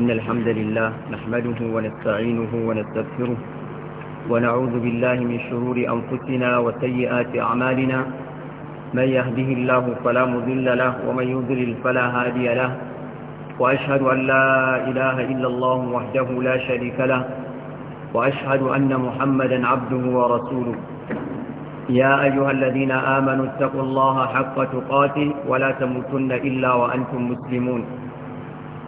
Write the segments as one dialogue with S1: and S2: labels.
S1: إن الحمد لله نحمده ونستعينه ونستغفره ونعوذ بالله من شرور أنفسنا وسيئات أعمالنا من يهده الله فلا مذل له ومن يذلل فلا هادي له وأشهد أن لا إله إلا الله وحده لا شريك له وأشهد أن محمدا عبده ورسوله يا أيها الذين آمنوا اتقوا الله حق تقاته ولا تموتن إلا وأنتم مسلمون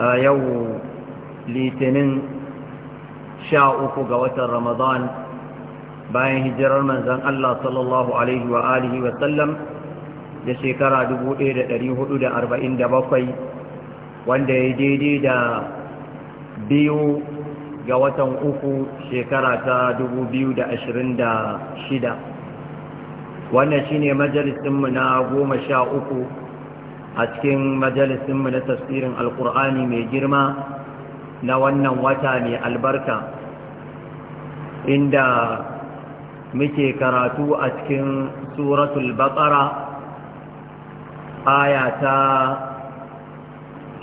S1: a yau litinin sha uku ga watan ramadan bayan hijirar manzan Allah sallallahu Alaihi wa alihi da shekara 1447 wanda ya daidai da biyu ga watan uku shekara ta 2026 wannan shine majalisinmu na goma sha uku a cikin majalisinmu na tafsirin alkur'ani mai girma na wannan wata mai albarka inda muke karatu a cikin suratul baqara aya ta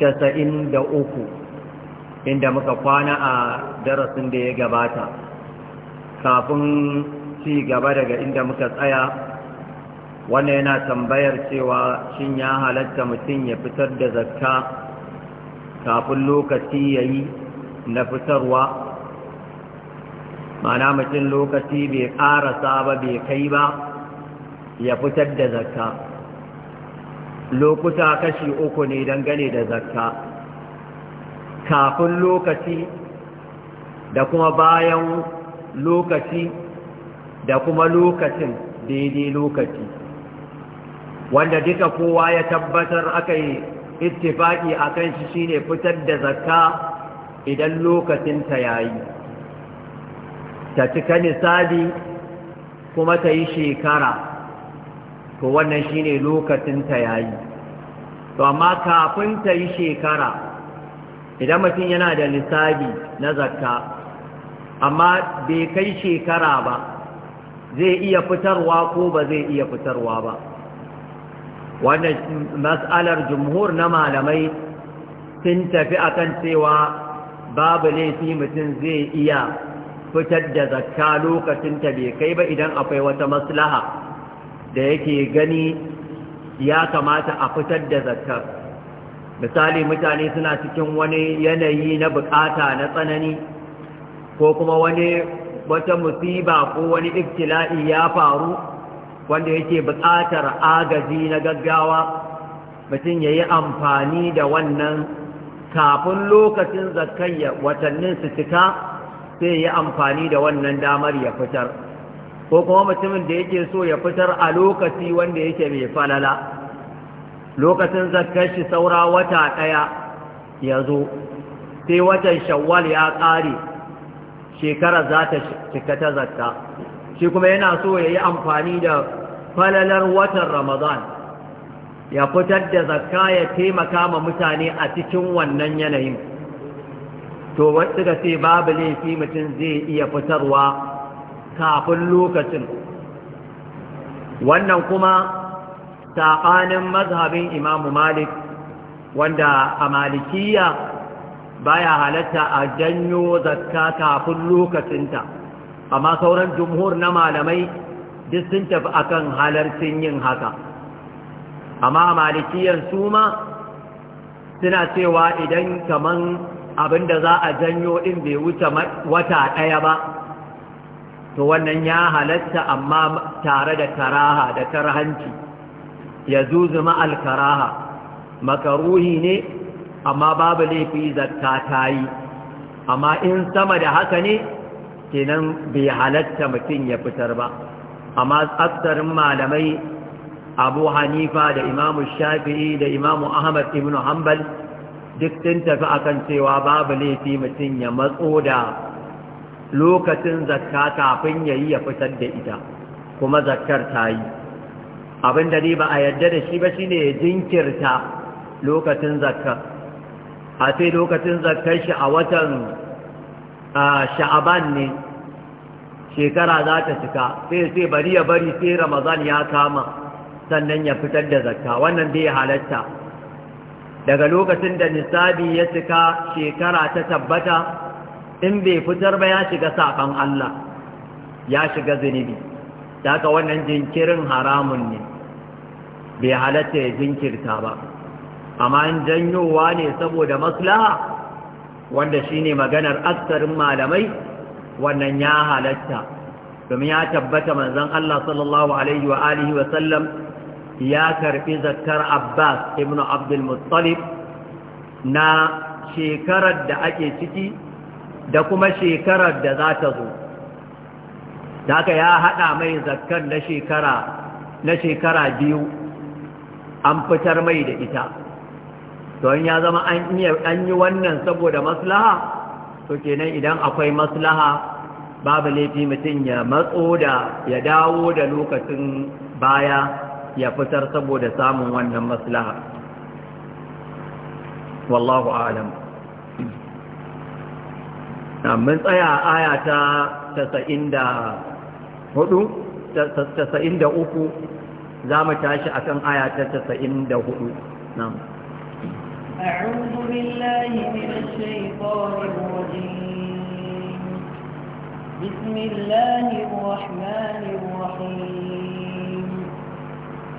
S1: 93 inda muka kwana a darasin da ya gabata kafin ci gaba daga inda muka tsaya wannan yana tambayar cewa shin ya halatta mutum ya fitar da zakka kafin lokaci ya yi na fitarwa mana mutum lokaci bai ƙara saba bai kai ba ya fitar da zakka lokuta kashi uku ne dangane da zakka kafin lokaci da kuma bayan lokaci da kuma lokacin daidai lokaci wanda duka kowa ya tabbatar aka yi ittifaki a kan shi shine fitar da zakka idan lokacinta ya yi ta cika nisabi kuma ta yi shekara to wannan shine lokacinta ya yi to amma kafin ta yi shekara idan mutum yana da nisabi na zakka amma bai kai shekara ba zai iya fitarwa ko ba zai iya fitarwa ba wannan mas'alar jumhur na malamai sun tafi akan cewa babu laifi mutum zai iya fitar da zakka lokacin ta bai kai ba idan akwai wata maslaha da yake gani ya kamata a fitar da zakka misali mutane suna cikin wani yanayi na bukata na tsanani ko kuma wani wata musiba ko wani ibtila'i ya faru wanda yake buƙatar agaji na gaggawa mutum ya yi amfani da wannan kafin lokacin zakayya watannin su cika sai ya yi amfani da wannan damar ya fitar ko kuma mutumin da yake so ya fitar a lokaci wanda yake mai falala lokacin zakar shi saura wata ɗaya ya zo sai watan shawwal ya ƙare shekara za ta cika ta zakka shi kuma yana so ya yi amfani da falalar watan ramadan ya fitar da zakka ya taimaka ma mutane a cikin wannan yanayin to wasu ga sai babu laifi mutum zai iya fitarwa kafin lokacin wannan kuma saɓanin mazhabin imamu malik wanda a malikiya baya halatta a janyo zakka kafin lokacinta amma sauran jumhur na malamai duk sun tafi akan halarcin yin haka amma malikiyan su ma suna cewa idan kaman abinda za a janyo in bai wuce wata ɗaya ba to wannan ya halatta amma tare da karaha da karhanci ya zuzu ma'al karaha makaruhi ne amma babu laifi zakka ta yi amma in sama da haka ne kenan bai halatta mutum ya fitar ba amma aksarin malamai abu hanifa da imamu shafi'i da Imam ahmad ibn hanbal duk sun tafi akan cewa babu laifi mutum ya matso da lokacin zakka kafin ya yi ya fitar da ita kuma zakkar ta yi abin da ba a yadda da shi ba shine ya jinkirta lokacin zakka a sai lokacin zakkar shi a watan sha'aban ne shekara za ta cika sai sai bari ya bari sai ramazan ya kama sannan ya fitar da zakka wannan dai halatta daga lokacin da nisabi ya cika shekara ta tabbata in bai fitar ba ya shiga saƙon Allah ya shiga zunubi daga wannan jinkirin haramun ne bai halatta ya jinkirta ba amma in janyowa ne saboda maslaha wanda shine maganar aksarin malamai wannan ya halatta domin ya tabbata manzon Allah sallallahu alaihi wa wa sallam ya karfi zakkar Abbas ibn Abdul Muttalib na shekarar da ake ciki da kuma shekarar da za ta zo da ya haɗa mai zakkar na shekara biyu an fitar mai da ita Don ya zama an iya yi wannan saboda maslaha to kenan idan akwai maslaha babu laifi mutum ya matso da ya dawo da lokacin baya ya fitar saboda samun wannan maslaha wallahu alam mun tsaya aya ta 94 uku za mu tashi akan aya ta 94 na'am
S2: أعوذ بالله من الشيطان الرجيم بسم الله الرحمن الرحيم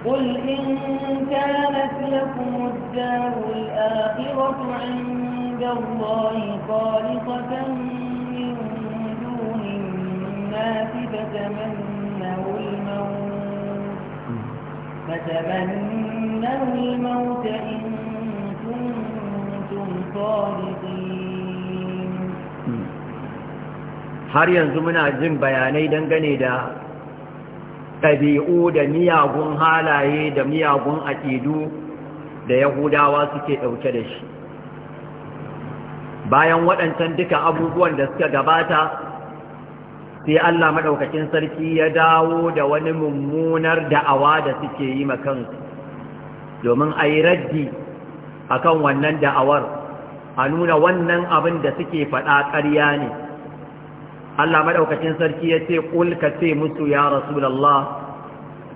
S2: قل إن كانت لكم الدار الآخرة عند الله خالصة من دون الناس فتمنوا الموت فتمنوا الموت إن
S1: har yanzu muna jin bayanai dangane da ɗabi'u da miyagun halaye da miyagun aƙidu da yahudawa suke ɗauke da shi bayan waɗancan duka abubuwan da suka gabata sai Allah maɗaukacin sarki ya dawo da wani mummunar da'awa da suke yi makansu domin a yi raddi akan wannan da'awar a nuna wannan abin da suke faɗa ƙarya ne Allah madaukakin sarki ya ce ƙul ka ce musu ya rasulallah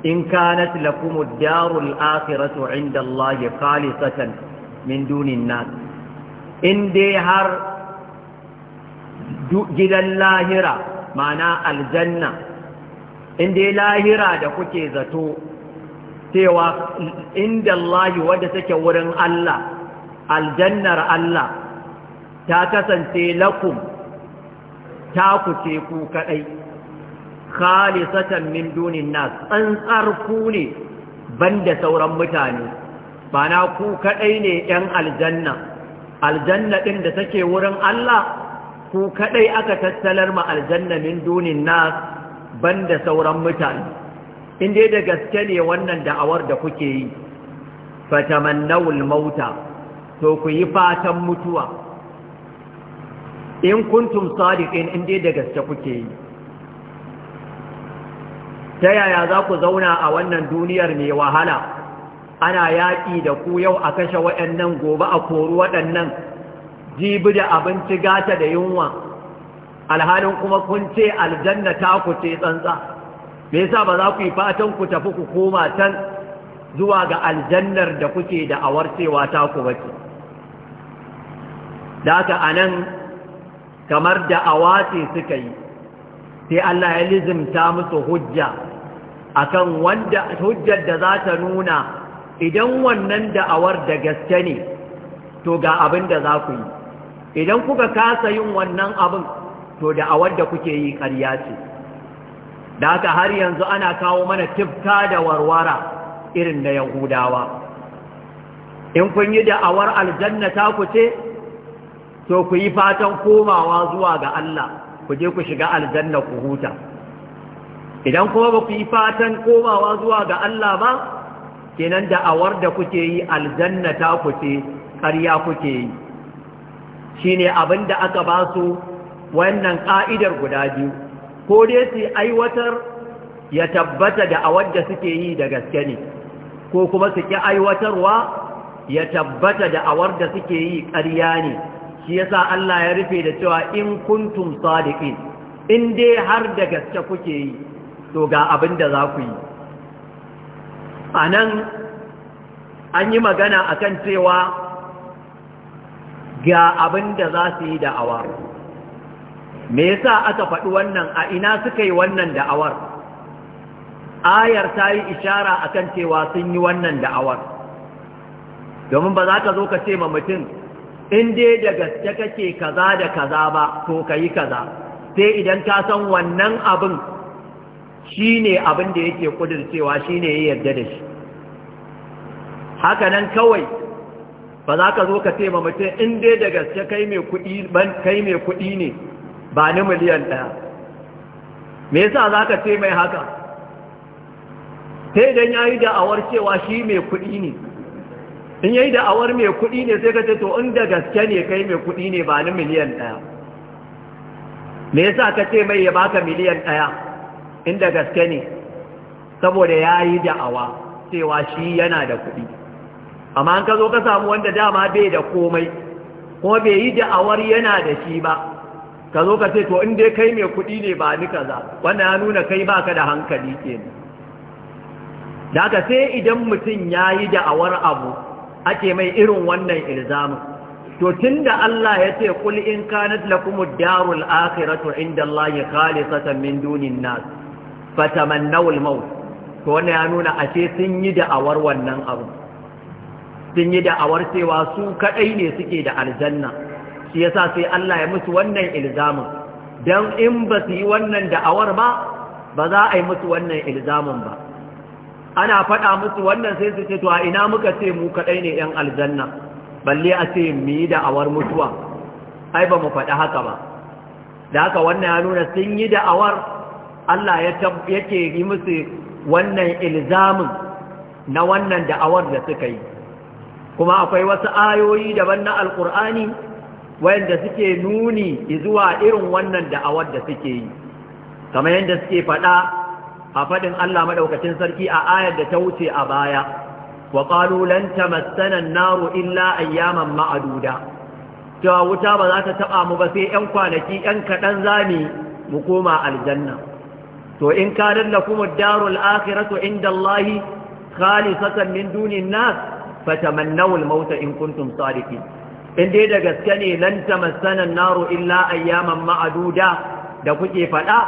S1: in kanat lakum ad-darul akhiratu 'inda Allah khalisatan min dunin nas in dai har gidan lahira ma'ana aljanna in dai lahira da kuke zato cewa inda Allah wadda take wurin Allah aljannar Allah ta kasance lakum ta ku ce ku kadai khalisatan min dunin nas tsantsar ku ne banda sauran mutane ba na ku kadai ne yan aljanna aljanna din da take wurin Allah ku kadai aka tattalar ma aljanna min dunin nas banda sauran mutane in da gaske ne wannan da'awar da kuke yi fatamannawul mauta to ku yi fatan mutuwa in kuntum sadiqin in da gaske kuke yi ta yaya za ku zauna a wannan duniyar mai wahala ana yaƙi da ku yau a kashe waɗannan gobe a koru waɗannan jibi da abinci gata da yunwa alhalin kuma kun ce aljanna ta ku ce tsantsa me yasa ba za ku yi fatan ku tafi ku koma can zuwa ga aljannar da kuke da awarcewa ta ku bace da anan kamar da awace suka yi sai Allah ya lizimta musu hujja akan wanda hujjar da za ta nuna idan wannan da'awar da gaske ne to ga abin da za ku yi idan kuka kasa yin wannan abin to da'awar da kuke yi ƙarya ce da haka har yanzu ana kawo mana tifka da warwara irin na yahudawa in kun yi da'awar aljanna ta ku ce to ku yi fatan komawa zuwa ga Allah ku je ku shiga aljanna ku huta idan kuma ba ku yi fatan komawa zuwa ga Allah ba kenan da'awar da kuke yi aljanna ta ku ce ƙarya kuke yi shine abin da aka ba su wannan ƙa'idar guda biyu ko dai su aiwatar ya tabbata da awar da suke yi da gaske ne ko kuma su ki aiwatarwa ya tabbata da awar da suke yi ƙarya ne shi yasa Allah ya rufe da cewa in kuntum sadiqin in dai har da gaske kuke yi to ga abin da za ku yi anan an yi magana akan cewa ga abin da za su yi da'awa me yasa aka faɗi wannan a ina suka yi wannan da'awar ayar ta yi ishara akan cewa sun yi wannan da'awar domin ba za ka zo ka ce ma mutum in dai da gaske kake kaza da kaza ba to ka yi kaza sai idan ka san wannan abin shi ne abin da yake kudircewa shi ne ya yarda da shi haka nan kawai ba za ka zo ka ce ma mutum in dai da gaske kai mai kuɗi ne ba ni miliyan ɗaya me yasa za ka ce mai haka sai don ya yi da'awar cewa shi mai kuɗi ne in ya yi da'awar mai kuɗi ne sai ka ce to inda gaske ne kai mai kuɗi ne ba ni miliyan ɗaya me yasa ka ce mai ya baka miliyan ɗaya inda gaske ne saboda ya yi da'awa cewa shi yana da kuɗi amma an ka zo ka samu wanda dama bai da komai kuma bai yi da'awar yana da shi ba ka zo ka ce to in dai kai mai kuɗi ne ba ni kaza wannan ya nuna kai baka da hankali kenan da ka sai idan mutum ya yi da'awar abu ake mai irin wannan ilzamin to tun da Allah ya ce kul in kanat lakumud darul akhiratu inda Allah ya khalisatan min dunin nas al maut to wannan ya nuna ashe sun yi da'awar wannan abu sun yi da'awar cewa su kadai ne suke da aljanna shi yasa sai Allah ya musu wannan ilzamin dan in ba su yi wannan da'awar ba ba za a yi musu wannan ilzamin ba ana faɗa musu wannan sai su ce to a ina muka ce mu kaɗai ne 'yan aljanna balle a ce mu yi da'awar mutuwa ai ba mu faɗi haka ba da haka wannan ya nuna sun yi da'awar Allah yake yi musu wannan ilzamin na wannan da'awar da suka yi kuma akwai wasu ayoyi daban na alkur'ani wayanda suke nuni zuwa irin wannan da'awar da suke yi kamar yadda suke faɗa a faɗin Allah madaukakin sarki a ayar da ta wuce a baya wa qalu lan tamassana an-naru illa ayyaman ma'duda cewa wuta ba za ta taba mu ba sai 'yan kwanaki 'yan kaɗan za mu koma aljanna to in ka lakum ad-darul akhiratu inda Allah khalisatan min dunin nas fatamannaw al-mauta in kuntum sadiqin in dai da gaske ne lan tamassanan naru illa ayyaman ma'aduda da kuke faɗa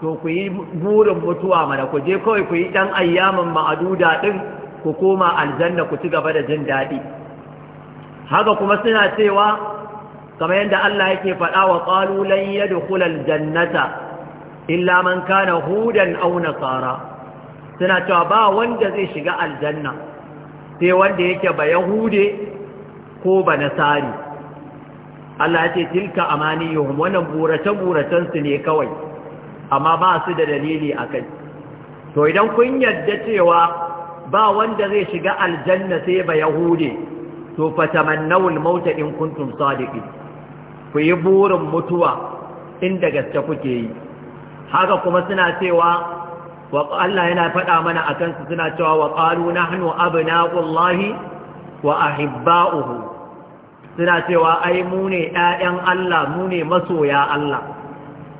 S1: to ku yi burin mutuwa mana ku je kawai ku yi ɗan ayyaman ma'aduda ɗin ku koma aljanna ku ci gaba da jin daɗi haka kuma suna cewa kamar yadda Allah yake faɗa wa ƙalulan lan yadkhula aljannata illa man kana hudan aw nasara suna cewa ba wanda zai shiga aljanna sai wanda yake ba yahude ko ba nasari Allah ce tilka amaniyuhum wannan burace-buracensu ne kawai amma ba su da dalili a kai to idan kun yarda cewa ba wanda zai shiga aljanna sai ba yahude to fatamannawul mauta in kuntum sadiqin ku yi burin mutuwa inda gaske kuke yi haka kuma suna cewa Allah yana faɗa mana a kansu suna cewa wa ƙalu na hannu abu na wa ahibba'uhu suna cewa ai mu ne ƴaƴan Allah mu ne masoya Allah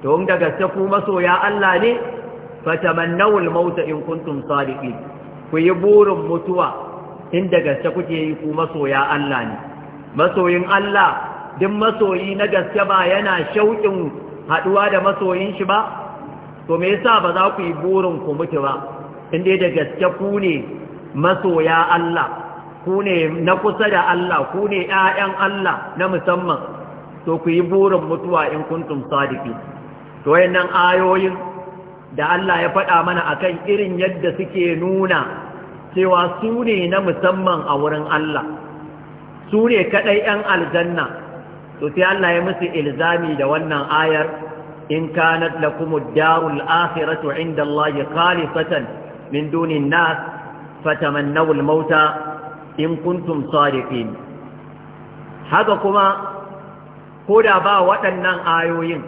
S1: to in daga ku masoya Allah ne fatamannaw al-maut in kuntum sadiqin ku yi burin mutuwa in daga gaske ke yi ku masoya Allah ne masoyin Allah din masoyi na gaske ba yana shauƙin haɗuwa da masoyin shi ba to me yasa ba za ku yi burin ku mutu ba in dai da gaske ku ne masoya Allah ku ne na kusa da Allah ku ne ‘ya'yan Allah na musamman to ku yi burin mutuwa in kuntum sadiki to wayannan ayoyin da Allah ya faɗa mana akan irin yadda suke nuna cewa su ne na musamman a wurin Allah su ne kaɗai ‘yan aljanna to sai Allah ya musu ilzami da wannan ayar in kanat lakumud darul akhiratu inda Allah khalisatan min dunin nas fatamannawul mauta in kuntum sadiqin haka kuma ko da ba waɗannan ayoyin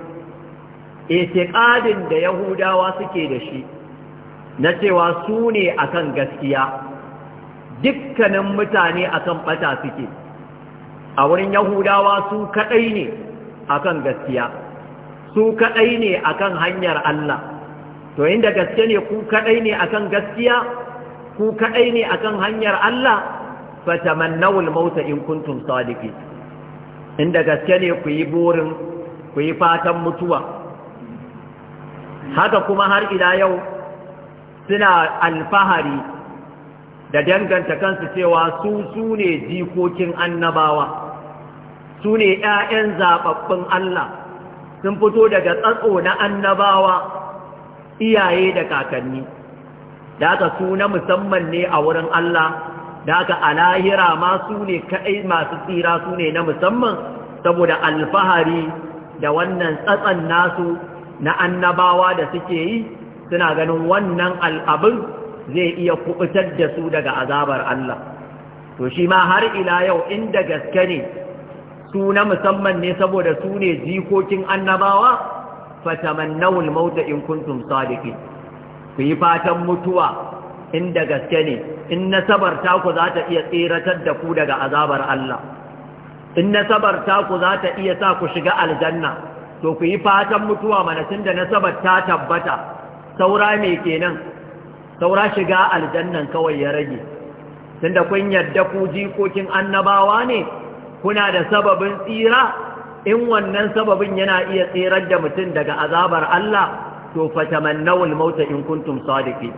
S1: itiqadin da yahudawa suke da shi na cewa su ne akan gaskiya dukkanin mutane akan bata suke a wurin yahudawa su kadai ne akan gaskiya su kadai ne akan hanyar Allah to inda gaske ne ku kaɗai ne akan gaskiya ku kadai ne akan hanyar Allah fatamannaw al Mauta in kuntum sadiqin inda gaske ne ku yi burin ku yi fatan mutuwa haka kuma har ila yau suna alfahari da danganta kansu cewa su sune jikokin annabawa su ne 'ya'yan zaɓaɓɓun Allah sun fito daga tsatso na annabawa iyaye da kakanni da aka su na musamman ne a wurin Allah da haka a lahira ma su ne kaɗai masu tsira su ne na musamman saboda alfahari da wannan tsatsan nasu na annabawa da suke yi suna ganin wannan al'abin zai iya kubutar da su daga azabar Allah to shi ma har ila yau inda gaske ne su na musamman ne saboda su ne jikokin annabawa fatamannawul mauta in kuntum sadiqin ku yi fatan mutuwa inda gaske ne in nasabar ku za ta iya tseratar da ku daga azabar Allah in nasabar ku za ta iya sa ku shiga aljanna to ku yi fatan mutuwa mana tunda nasabar ta tabbata saura me kenan saura shiga aljannan kawai ya rage tunda kun yadda ku jikokin annabawa ne kuna da sababin tsira in wannan sababin yana iya tserar da mutum daga azabar Allah to fatamannawul mauta in kuntum sadiqin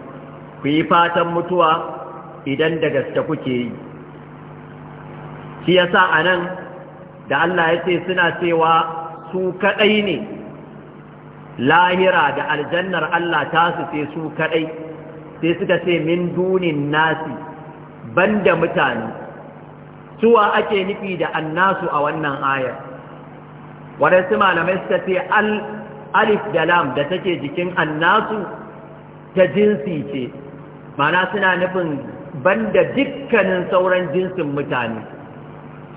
S1: ku yi fatan mutuwa idan da gaske kuke yi shi ya sa a nan da Allah ya ce suna cewa su kaɗai ne lahira da aljannar Allah ta su ce su kadai sai suka ce min dunin nasi banda mutane suwa ake nufi da annasu a wannan ayar su malamai suka ce alif da lam da take jikin annasu ta jinsi ce Ma'ana suna nufin banda dukkanin sauran jinsin mutane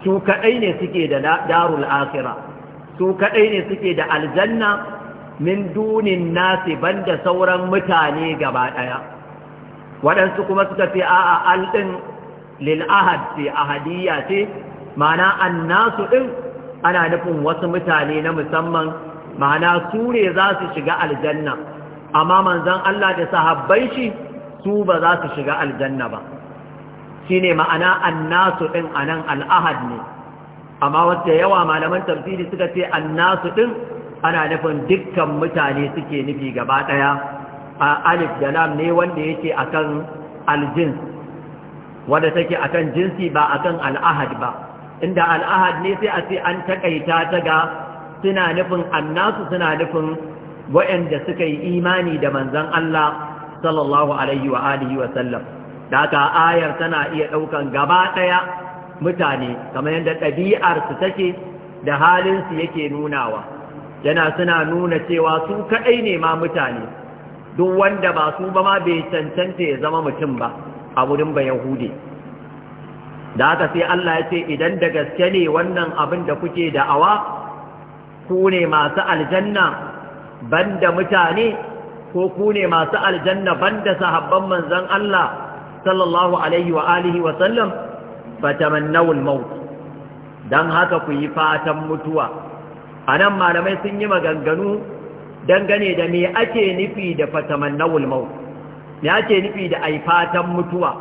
S1: su kaɗai ne suke da darul akhira su kaɗai ne suke da aljanna min dunin nasi banda sauran mutane gaba ɗaya waɗansu kuma suka ce a'a alɗin lil ahad a ahadiyya ce mana annasu ɗin ana nufin wasu mutane na musamman ma'ana su ne za su shiga aljanna amma manzon Allah da sahabbai shi su ba za su shiga aljanna ba shine ma'ana annasu ɗin anan al'ahad ne amma wanda yawa malaman tafsiri suka ce annasu ɗin ana nufin dukkan mutane suke nufi gaba ɗaya. A alif da lam ne wanda yake kan aljins wanda take kan jinsi ba kan al'ahad ba inda al'ahad ne sai a ce an takaita ta ga suna nufin annasu suna nufin waɗanda suka yi imani da manzan Allah sallallahu alaihi wa alihi wa sallam da haka ayar tana iya ɗaukan gaba ɗaya mutane kamar yadda su take da halinsu yake nunawa yana suna nuna cewa su kadai ne ma mutane duk wanda ba su ba ma bai cancanta ya zama mutum ba a wurin ba yahudi da ka sai Allah ya ce idan da gaske ne wannan abin da kuke da'awa ku ne masu aljanna banda mutane ko ku ne masu aljanna banda sahabban manzon Allah sallallahu alaihi wa alihi wa sallam fatamannaw tamannawul maut dan haka ku yi fatan mutuwa anan malamai sun yi maganganu dangane da me ake nufi da fatamannaw al-maut me ake nufi da ai fatan mutuwa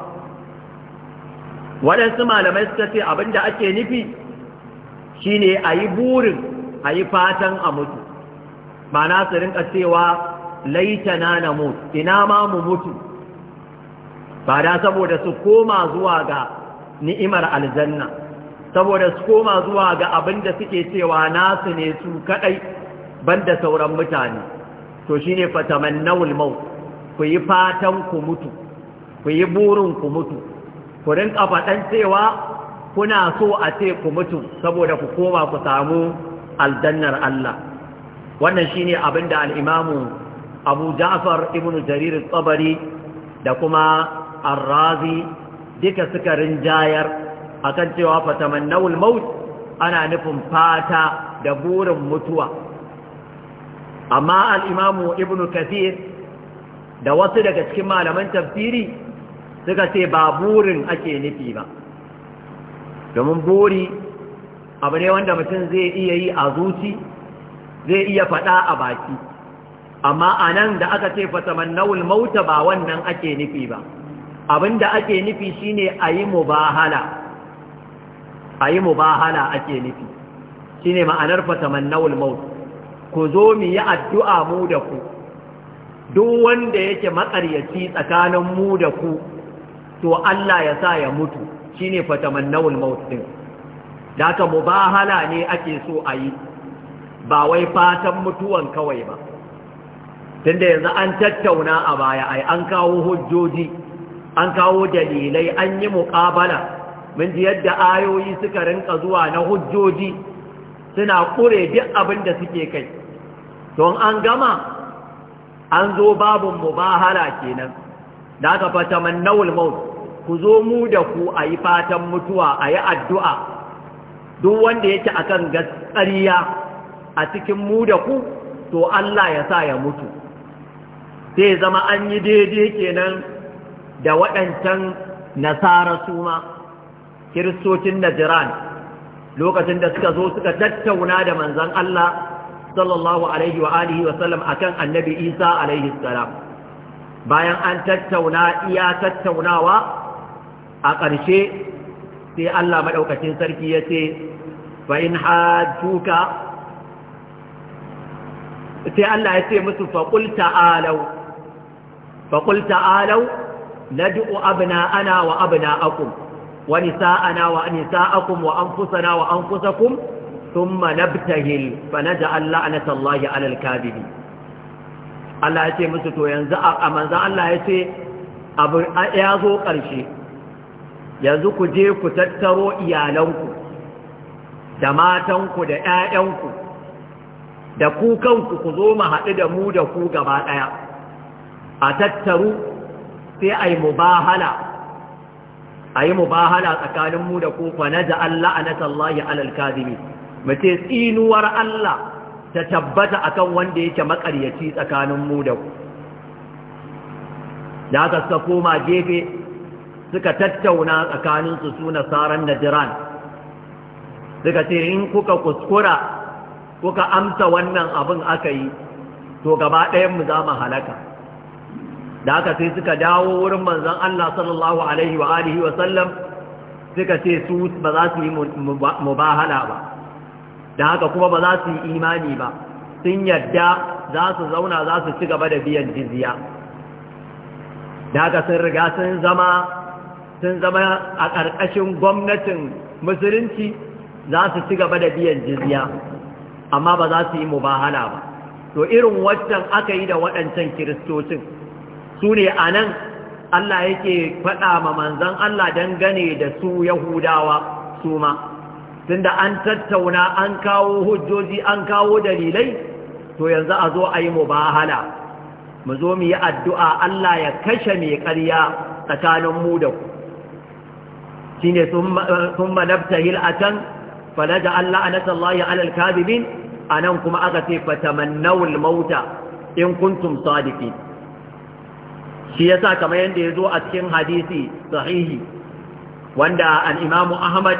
S1: waɗansu malamai suka ce abinda ake nufi shine ayi burin ayi fatan a mutu ma'ana su rinka cewa laitana na mutu ina ma mu mutu ba da saboda su koma zuwa ga ni'imar aljanna saboda su koma zuwa ga abin da suke cewa nasu ne su kadai banda sauran mutane to shine fatamannawul maut ku yi fatan ku mutu ku yi burin ku mutu ku rinka fadan cewa kuna so a ce ku mutu saboda ku koma ku samu aljannar Allah wannan shine abin da al'imamu abu ja'far ibn jarir tsabari da kuma arrazi duka suka rinjayar akan cewa naul maut ana nufin fata da burin mutuwa amma al'imamu ibn kathir da wasu daga cikin malaman tafsiri suka ce ba burin ake nufi ba domin buri abu ne wanda mutum zai iya yi a zuci zai iya faɗa a baki amma a nan da aka ce fataman naul mauta ba wannan ake nufi ba abinda ake nufi shine a yi mubahala a mubahala ake nufi shine ma'anar fataman naul mauta ku zo mu yi addu'a mu da ku duk wanda yake makaryaci tsakanin mu da ku to Allah ya sa ya mutu shine fataman naul mauta din da aka mubahala ne ake so a yi ba wai fatan mutuwan kawai ba tunda yanzu an tattauna a baya ai an kawo hujjoji an kawo dalilai an yi muƙabala mun ji yadda ayoyi suka rinka zuwa na hujjoji suna ƙure duk abin da suke kai don an gama an zo babin mubahala kenan da aka fata mannawul maut ku zo mu da ku a yi fatan mutuwa a yi addu'a duk wanda yake akan gaskariya a cikin mu da ku to Allah ya sa ya mutu sai zama an yi daidai kenan da waɗancan nasara suma, kiristocin najiran lokacin da suka zo suka tattauna da manzan Allah sallallahu alaihi wa alihi wa sallam akan annabi Isa alaihi salam bayan an tattauna iya tattaunawa a ƙarshe sai Allah maɗaukacin sarki ya ce fa in hajjuka sai Allah ya ce musu faƙul ta'alau فقل تعالوا ندعو أبناءنا وأبناءكم ونساءنا ونساءكم وأنفسنا وأنفسكم ثم نبتهل فنجعل لعنة الله على الكاذبين Allah ya ce musu to yanzu a manzan Allah ya ce abu ya zo ƙarshe yanzu ku je ku tattaro iyalanku da matanku da 'ya'yanku, da kukanku ku zo mu haɗu da mu da ku gaba ɗaya. a tattaru sai a yi mubahala a yi mubahala tsakanin mu da kofa na da Allah a nasallahi alalkazimi mace tsinuwar Allah ta tabbata akan wanda yake makaryaci tsakanin mu da ku da aka suka koma gefe suka tattauna tsakaninsu su nasarar najiran suka ce in kuka kuskura kuka amsa wannan abin aka yi to gaba ɗayanmu za mu halaka da haka sai suka dawo wurin manzon Allah sallallahu alaihi wa alihi wa sallam suka ce su ba za su yi mubahala ba da haka kuma ba za su yi imani ba sun yadda za su zauna za su ci gaba da biyan jiziya. da haka sun riga sun zama sun zama a ƙarƙashin gwamnatin musulunci za su ci gaba da biyan jiziya, amma ba za su yi mubahala ba to irin waccan aka yi da waɗancan kiristocin su ne a nan Allah yake faɗa ma manzan Allah dangane da su Yahudawa su ma tunda an tattauna an kawo hujjoji an kawo dalilai to yanzu a zo a yi mubahala mu zo mu yi addu'a Allah ya kashe mai ƙarya tsakanin mu da ku shi ne sun manabta hil'atan da Allah a nasallahi alal kabibin a nan kuma aka ce fatamannawul mauta in kuntum sadiki shi sa kamar yadda ya zo a cikin hadisi sahihi wanda al'imamu ahmad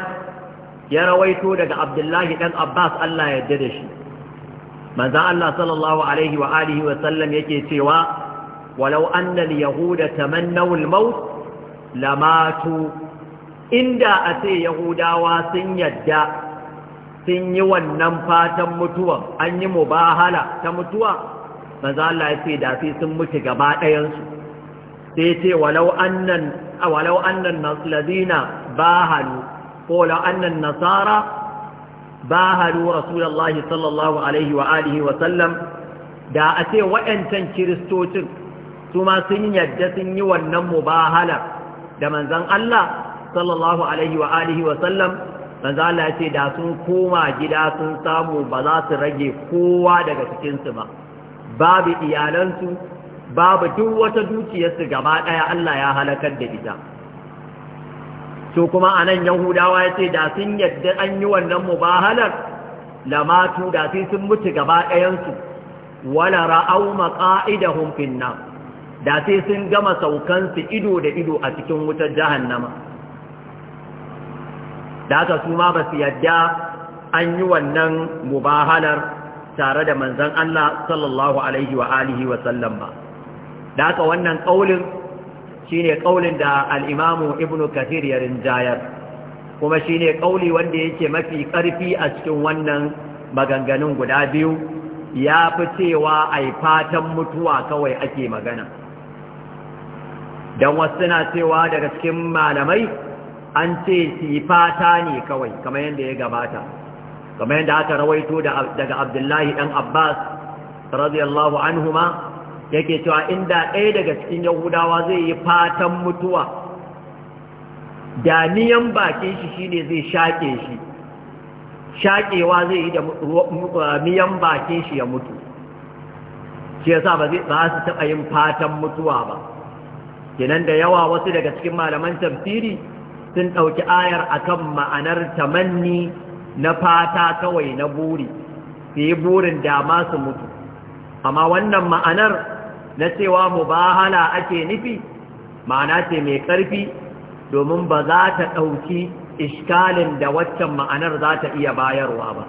S1: ya rawaito daga abdullahi ɗan abbas allah ya da shi manzan allah sallallahu alaihi wa alihi wasallam yake cewa walau annal yahuda tamannau maut lamatu inda a ce yahudawa sun yadda sun yi wannan fatan mutuwa an yi mubahala ta mutuwa manzan allah ya ce da sun mutu gaba ɗayansu sai ce walau annan walau annan ladina ko walau annan nasara bahalu rasulullahi sallallahu alaihi wa alihi wa sallam da a ce waɗancan kiristocin su ma sun yadda sun yi wannan mubahala da manzan Allah sallallahu alaihi wa alihi wa sallam manzan Allah ya ce da sun koma gida sun samu ba za su rage kowa daga cikinsu ba babu iyalansu babu duk wata dukiyarsu gaba ɗaya Allah ya halakar da ita so kuma a nan yahudawa ya ce da sun yadda an yi wannan mubahalar lamatu da sai sun mutu gaba ɗayansu wala ra'au maƙa'idahum nan, da sai sun gama saukansu ido da ido a cikin wutar jahannama da aka su ma ba su yadda an yi wannan mubahalar tare da manzon Allah sallallahu alaihi wa alihi wa sallam ba da haka wannan ƙaulin ne ƙaulin da al'imamu ibn kathir ya rinjayar kuma shine ƙauli wanda yake mafi ƙarfi a cikin wannan maganganun guda biyu ya fi cewa a fatan mutuwa kawai ake magana don wasu suna cewa daga cikin malamai an ce su fata ne kawai kamar yadda ya gabata kamar yadda aka rawaito daga abdullahi ɗan abbas radiyallahu anhuma yake cewa inda ɗaya daga cikin yahudawa zai yi fatan mutuwa daniyan bakin shi shine zai shaƙe shi shaƙewa zai yi da miyan uh, bakin shi ya mutu shi yasa ba za su taɓa yin fatan mutuwa ba kenan da yawa wasu daga cikin malaman tafsiri sun ɗauki ayar akan ma'anar tamanni na fata kawai na buri su yi burin dama su mutu amma wannan ma'anar na cewa mubahala ake nufi ma'ana ce mai ƙarfi domin ba za ta ɗauki iskalin da waccan ma'anar za ta iya bayarwa ba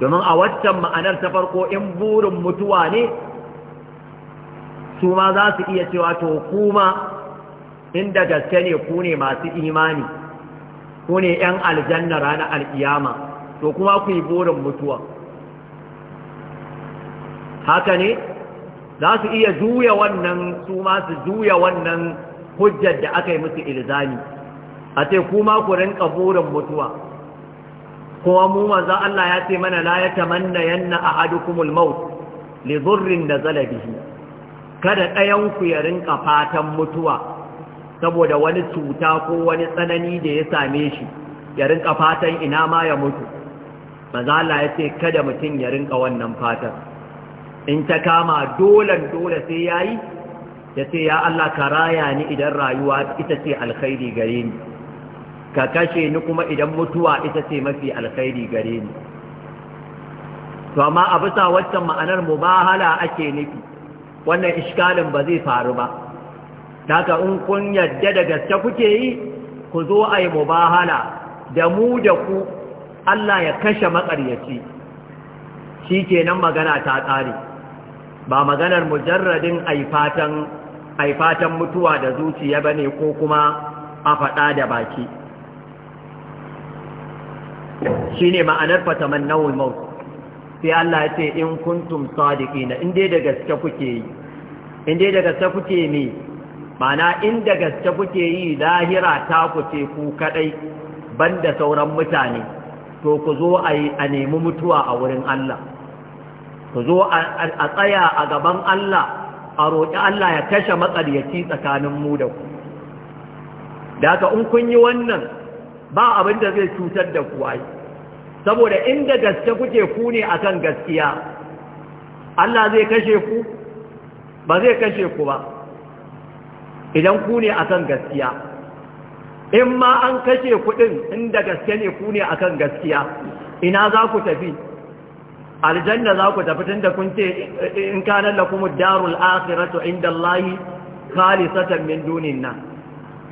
S1: domin a waccan ma'anar ta farko in burin mutuwa ne su ma za su iya cewa to kuma inda gaske ne ku ne masu imani ku ne 'yan aljanna ranar al'iyama to kuma ku yi burin mutuwa haka ne za su iya juya wannan su ma su juya wannan hujjar da aka yi musu ilzami a ce kuma ku rinka burin mutuwa kuma mu manzo Allah ya ce mana la yatamanna yanna ahadukumul maut li dhurrin nazala bihi kada ɗayan ku ya rinka fatan mutuwa saboda wani cuta ko wani tsanani da ya same shi ya rinka fatan ina ma ya mutu manzo Allah ya ce kada mutum ya rinka wannan fatan in ta kama dolan dole sai ya yi ya ce ya Allah ka raya ni idan rayuwa ita ce alkhairi gare ni ka kashe ni kuma idan mutuwa ita ce mafi alkhairi gare ni to amma a bisa waccan ma'anar mubahala ake nufi wannan iskalin ba zai faru ba taka in kun yadda da gaske kuke yi ku zo a yi mubahala da mu da ku Allah ya kashe maƙaryaci. shi kenan magana ta tsare ba maganar mujarradin aifatan aifatan mutuwa da zuciya bane ko kuma a faɗa da baki shine ma'anar fatamannawul maut sai Allah ya ce in kuntum sadiqina in dai da gaske kuke yi in da gaske kuke ne ma'ana in da gaske kuke yi lahira ta kuce ku kadai banda sauran mutane to ku zo a nemi mutuwa a wurin Allah ku zo a tsaya a gaban Allah a roƙi Allah ya kashe matsaliyaci tsakanin mu da ku da in kun yi wannan ba abin da zai cutar da ku ai saboda inda gaske kuke ku ne akan gaskiya Allah zai kashe ku ba zai kashe ku ba idan ku ne akan gaskiya in ma an kashe kuɗin inda gaske ne ku ne akan gaskiya ina za ku tafi aljanna za ku tafi tunda kun ce in kanan lakum darul akhiratu inda Allah khalisatan min dunin nan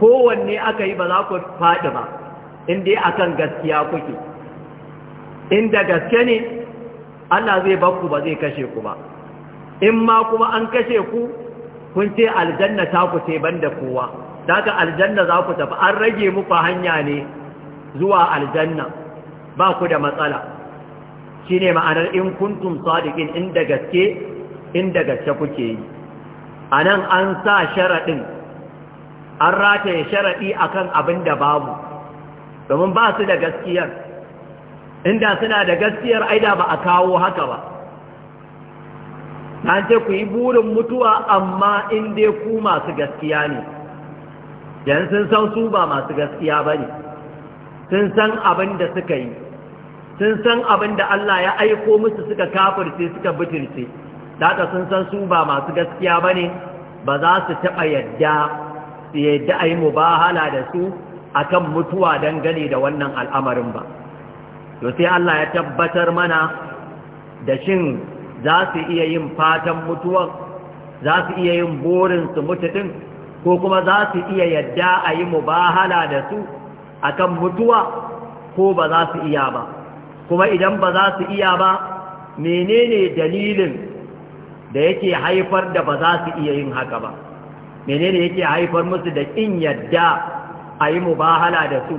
S1: kowanne aka yi ba za ku faɗi ba inda akan gaskiya kuke inda gaske ne Allah zai bakku ba zai kashe ku ba in ma kuma an kashe ku kun ce aljanna ta ku ce banda kowa daga aljanna za ku tafi an rage muku hanya ne zuwa aljanna ba ku da matsala Shi ne ma'anar in kuntum sadiqin inda gaske inda gaske kuke yi anan an sa sharadin an rataye sharadi akan abin da babu domin ba su da gaskiyar inda suna da gaskiyar aida ba a kawo haka ba an ce ku yi burin mutuwa amma in dai ku masu gaskiya ne yan sun san su ba masu gaskiya ba ne sun san abin da suka yi sun san abin da Allah ya aiko musu suka kafirce suka bitirce daga sun san su ba masu gaskiya ba ne ba za su taɓa yadda su yadda a yi mubahala da su a kan mutuwa dangane da wannan al'amarin ba to sai Allah ya tabbatar mana da shin za su iya yin fatan mutuwan za su iya yin burinsu su ɗin ko kuma za su iya yadda a yi mubahala da su akan mutuwa ko ba za su iya ba kuma idan ba za su iya ba menene dalilin da yake haifar da ba za su iya yin haka ba menene yake haifar musu da kin yadda a yi mubahala da su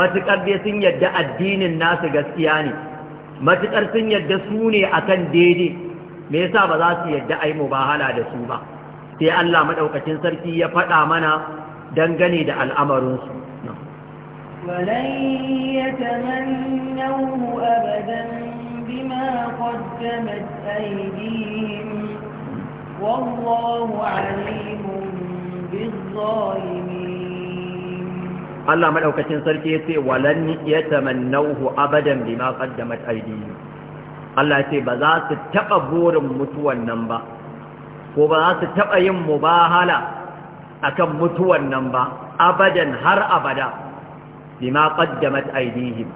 S1: matuƙar dai sun yadda addinin nasu gaskiya ne matuƙar sun yadda su ne akan daidai me yasa ba za su yadda a yi mubahala da su ba sai Allah maɗaukacin sarki ya faɗa mana dangane da al'amarinsu
S2: ولن يتمنوه أبدا بما قدمت أيديهم والله عليم بالظالمين
S1: Allah maɗaukacin sarki ya ce, Walan ya tamannauhu abadan bi ma ƙaddamat aidiyu. Allah ya ce, Ba su taɓa burin mutuwan nan ba, ko ba su taɓa yin mubahala a kan mutuwan nan ba, abadan har abada bima qaddamat aydihim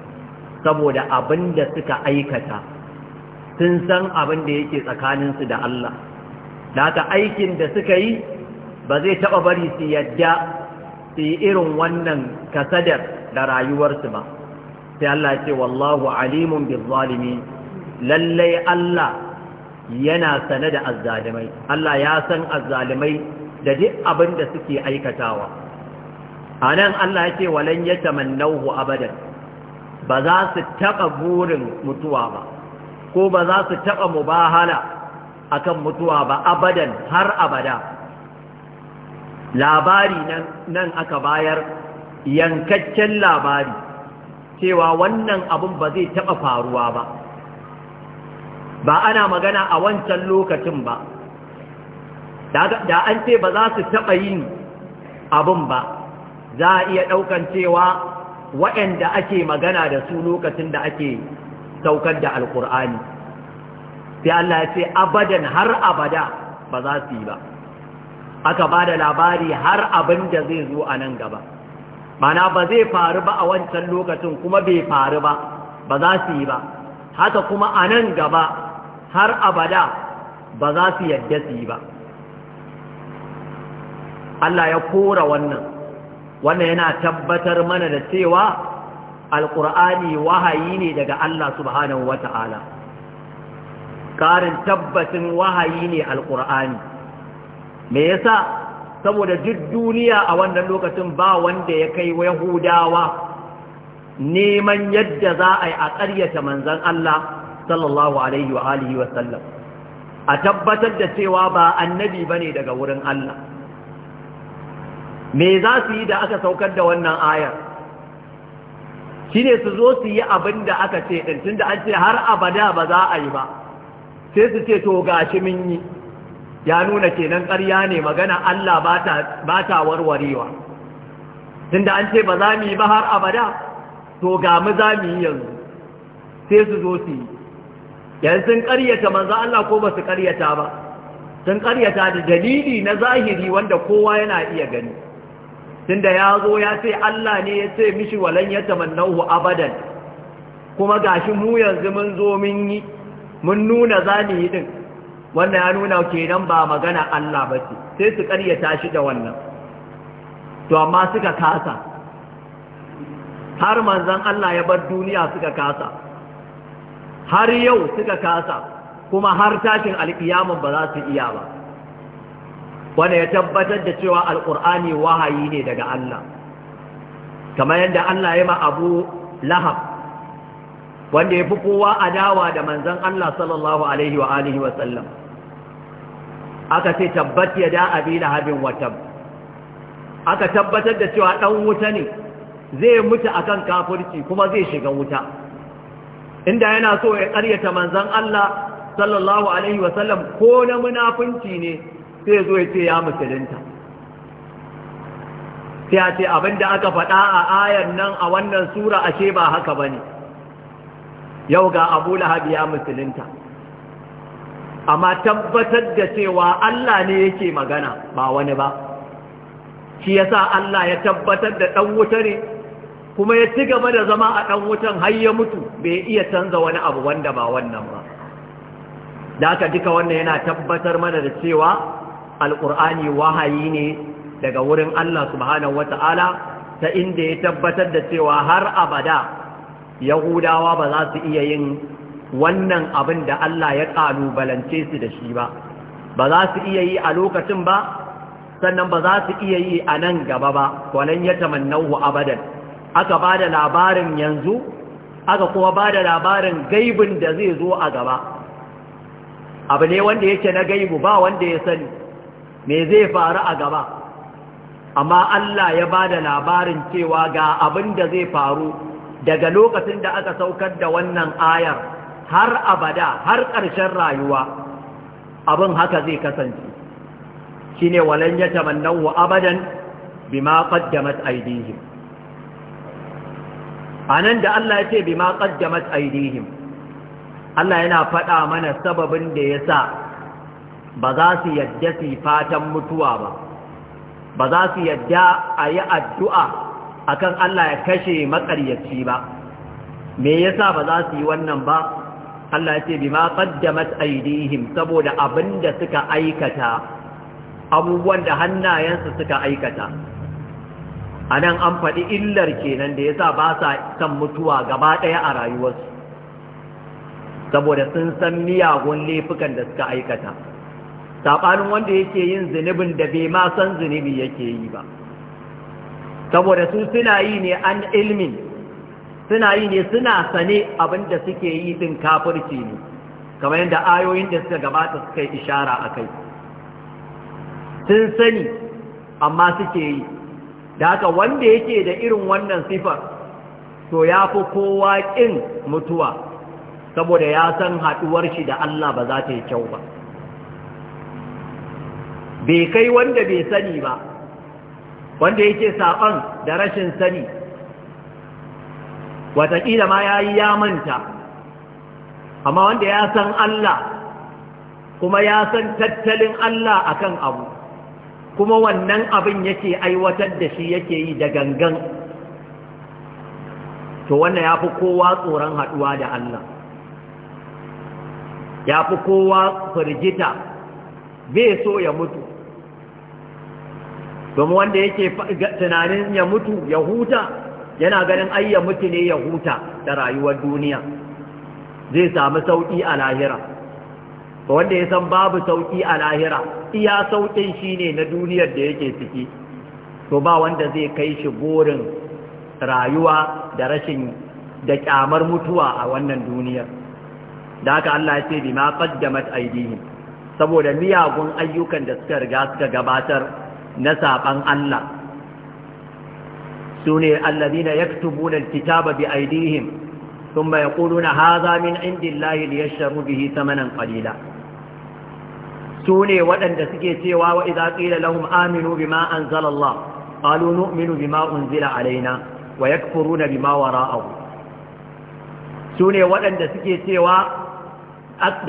S1: saboda abinda suka aikata sun san abinda yake tsakanin su da Allah daga aikin da suka yi ba zai taba bari su yadda su yi irin wannan kasadar da rayuwarsu ba sai Allah ce wallahu alimun bil lallai Allah yana sane da azzalimai Allah ya san azzalimai da duk abin da suke aikatawa a nan Allah ya ce walan ya tamannahu abadan ba za su taɓa burin mutuwa ba ko ba za su taɓa mubahala akan mutuwa ba abadan har abada labari nan aka bayar yankaccen labari cewa wannan abin ba zai taɓa faruwa ba ba ana magana a wancan lokacin ba da an ce ba za su taɓa yin abin ba za a iya ɗaukan cewa waɗanda ake magana da su lokacin da ake saukar da alkur'ani sai Allah ya ce abadan har abada ba za su yi ba aka ba da labari har abin da zai zo a nan gaba mana ba zai faru ba a wancan lokacin kuma bai faru ba ba za su yi ba haka kuma a nan gaba har abada ba za su yadda su yi ba Allah ya kora wannan wannan yana tabbatar mana da cewa Alƙur'ani wahayi ne daga Allah subhanahu wata'ala karin tabbacin wahayi ne Alƙur'ani. me yasa saboda duk duniya a wannan lokacin ba wanda ya kai yahudawa neman yadda za a yi a ƙaryata manzan Allah sallallahu alaihi wa alihi a tabbatar da cewa ba annabi bane daga wurin Allah me za su yi da aka saukar da wannan ayar shi ne su zo su yi abin da aka ce ɗin tun da an ce har abada ba za a yi ba sai su ce to gashi mun yi ya nuna kenan ƙarya ne magana Allah ba ta warwarewa tun da an ce ba za mu yi ba har abada to ga mu za mu yi yanzu sai su zo su yi yanzu sun ƙaryata za Allah ko ba su ƙaryata ba sun ƙaryata da dalili na zahiri wanda kowa yana iya gani tunda ya zo ya ce Allah ne ya ce mishi walan ya tamannahu abadan kuma gashi mu yanzu mun zo mun yi mun nuna zani yi din wannan ya nuna kenan ba magana Allah ba ce sai su karyata shi da wannan to amma suka kasa har manzan Allah ya bar duniya suka kasa har yau suka kasa kuma har tashin alƙiyamun ba za su iya ba wanda ya tabbatar da cewa alƙur'ani wahayi ne daga Allah kamar yadda Allah ya ma abu lahab wanda ya fi kowa adawa da manzan Allah sallallahu alaihi wa alihi wa aka ce tabbat ya da abi lahabin watan, aka tabbatar da cewa ɗan wuta ne zai mutu akan kafurci kuma zai shiga wuta inda yana so ya ƙaryata manzan Allah sallallahu alaihi wa ko na munafunci ne sai zo ya ce ya musulunta sai a ce abinda aka faɗa a ayan nan a wannan sura ashe ba haka ba ne yau ga abu lahabi ya musulunta amma tabbatar da cewa Allah ne yake magana ba wani ba shi ya sa Allah ya tabbatar da ɗan wuta ne kuma ya ci gaba da zama a ɗan wutan har ya mutu bai iya canza wani abu wanda ba wannan ba da aka duka wannan yana tabbatar mana da cewa alƙur'ani wahayi ne daga wurin Allah subhanahu wata'ala ta inda ya tabbatar da cewa har abada yahudawa ba za su iya yin wannan abin da Allah ya ƙalubalance su da shi ba ba za su iya yi a lokacin ba sannan ba za su iya yi a nan gaba ba Wannan ya tamannahu abadan aka bada da labarin yanzu aka kuma bada labarin gaibin da zai zo a gaba abu ne wanda yake na gaibu ba wanda ya sani me zai faru a gaba amma Allah ya ba da labarin cewa ga abin da zai faru daga lokacin da aka saukar da wannan ayar har abada har ƙarshen rayuwa abin haka zai kasance shi ne walen ya tamannan wa abadan bima ƙaddamat aidihim a nan da Allah ya ce bima ƙaddamat aidihim Allah yana faɗa mana sababin da ya sa ba za su yadda su fatan mutuwa ba ba za su yadda a yi addu'a akan Allah ya kashe makaryaci ba me yasa ba za su yi wannan ba Allah ya ce bi ma kadda aydihim saboda abinda suka aikata abubuwan da hannayensu suka aikata A nan an faɗi illar kenan da yasa ba sa kan mutuwa gaba ɗaya a rayuwarsu saboda sun san miyagun laifukan da suka aikata saɓanin wanda yake yin zunubin da bai ma san zunubi yake yi ba saboda su suna yi ne an ilmin suna yi ne suna sane abinda suke yi din kafirci ne kamar yadda ayoyin da suka gabata suka yi ishara a kai sun sani amma suke yi da haka wanda yake da irin wannan sifar to ya fi kowa ƙin mutuwa saboda ya san haɗuwar shi da Allah ba za ta yi kyau ba bai kai wanda bai sani ba wanda yake saban da rashin sani wataƙila ma ya yi ya manta amma wanda ya san Allah kuma ya san tattalin Allah akan abu kuma wannan abin yake aiwatar da shi yake yi da gangan to wannan ya fi kowa tsoron haɗuwa da Allah ya fi kowa firgita bai so ya mutu domin wanda yake tunanin ya mutu ya huta yana ganin ai ya mutu ne ya huta da rayuwar duniya zai samu sauƙi a lahira to wanda ya san babu sauƙi a lahira iya sauƙin shine na duniyar da yake ciki to ba wanda zai kai shi burin rayuwa da rashin da kyamar mutuwa a wannan duniyar da haka Allah ya ce bima qaddamat aydihim saboda miyagun ayyukan da suka riga suka gabatar na saɓan Allah Su ne, sune alladhina yaktubuna alkitaba bi mai ƙudu na haza min indillahi liyashtaru bihi thamanan qalila sune waɗanda suke cewa wa idza qila lahum aminu bima anzala Allah qalu nu'minu bima unzila alaina wa yakfuruna bima wara'ahu sune waɗanda suke cewa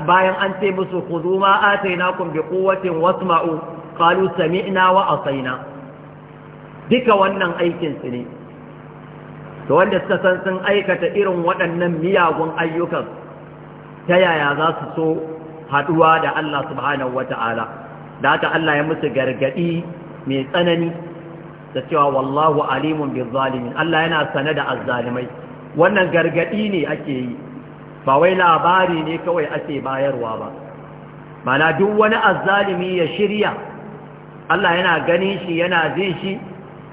S1: bayan an ce musu khudhu ma atainakum wasu wasma'u qalu sami'na wa asaina duka wannan aikin su ne Da wanda suka san sun aikata irin waɗannan miyagun ayyukan ta yaya za su so haɗuwa da Allah subhanahu wata'ala da haka Allah ya musu gargaɗi mai tsanani da cewa wallahu alimun bil zalimin Allah yana sane da azzalimai wannan gargaɗi ne ake yi ba wai labari ne kawai ake bayarwa ba mana duk wani azzalimi ya shirya Allah yana gani shi yana jin shi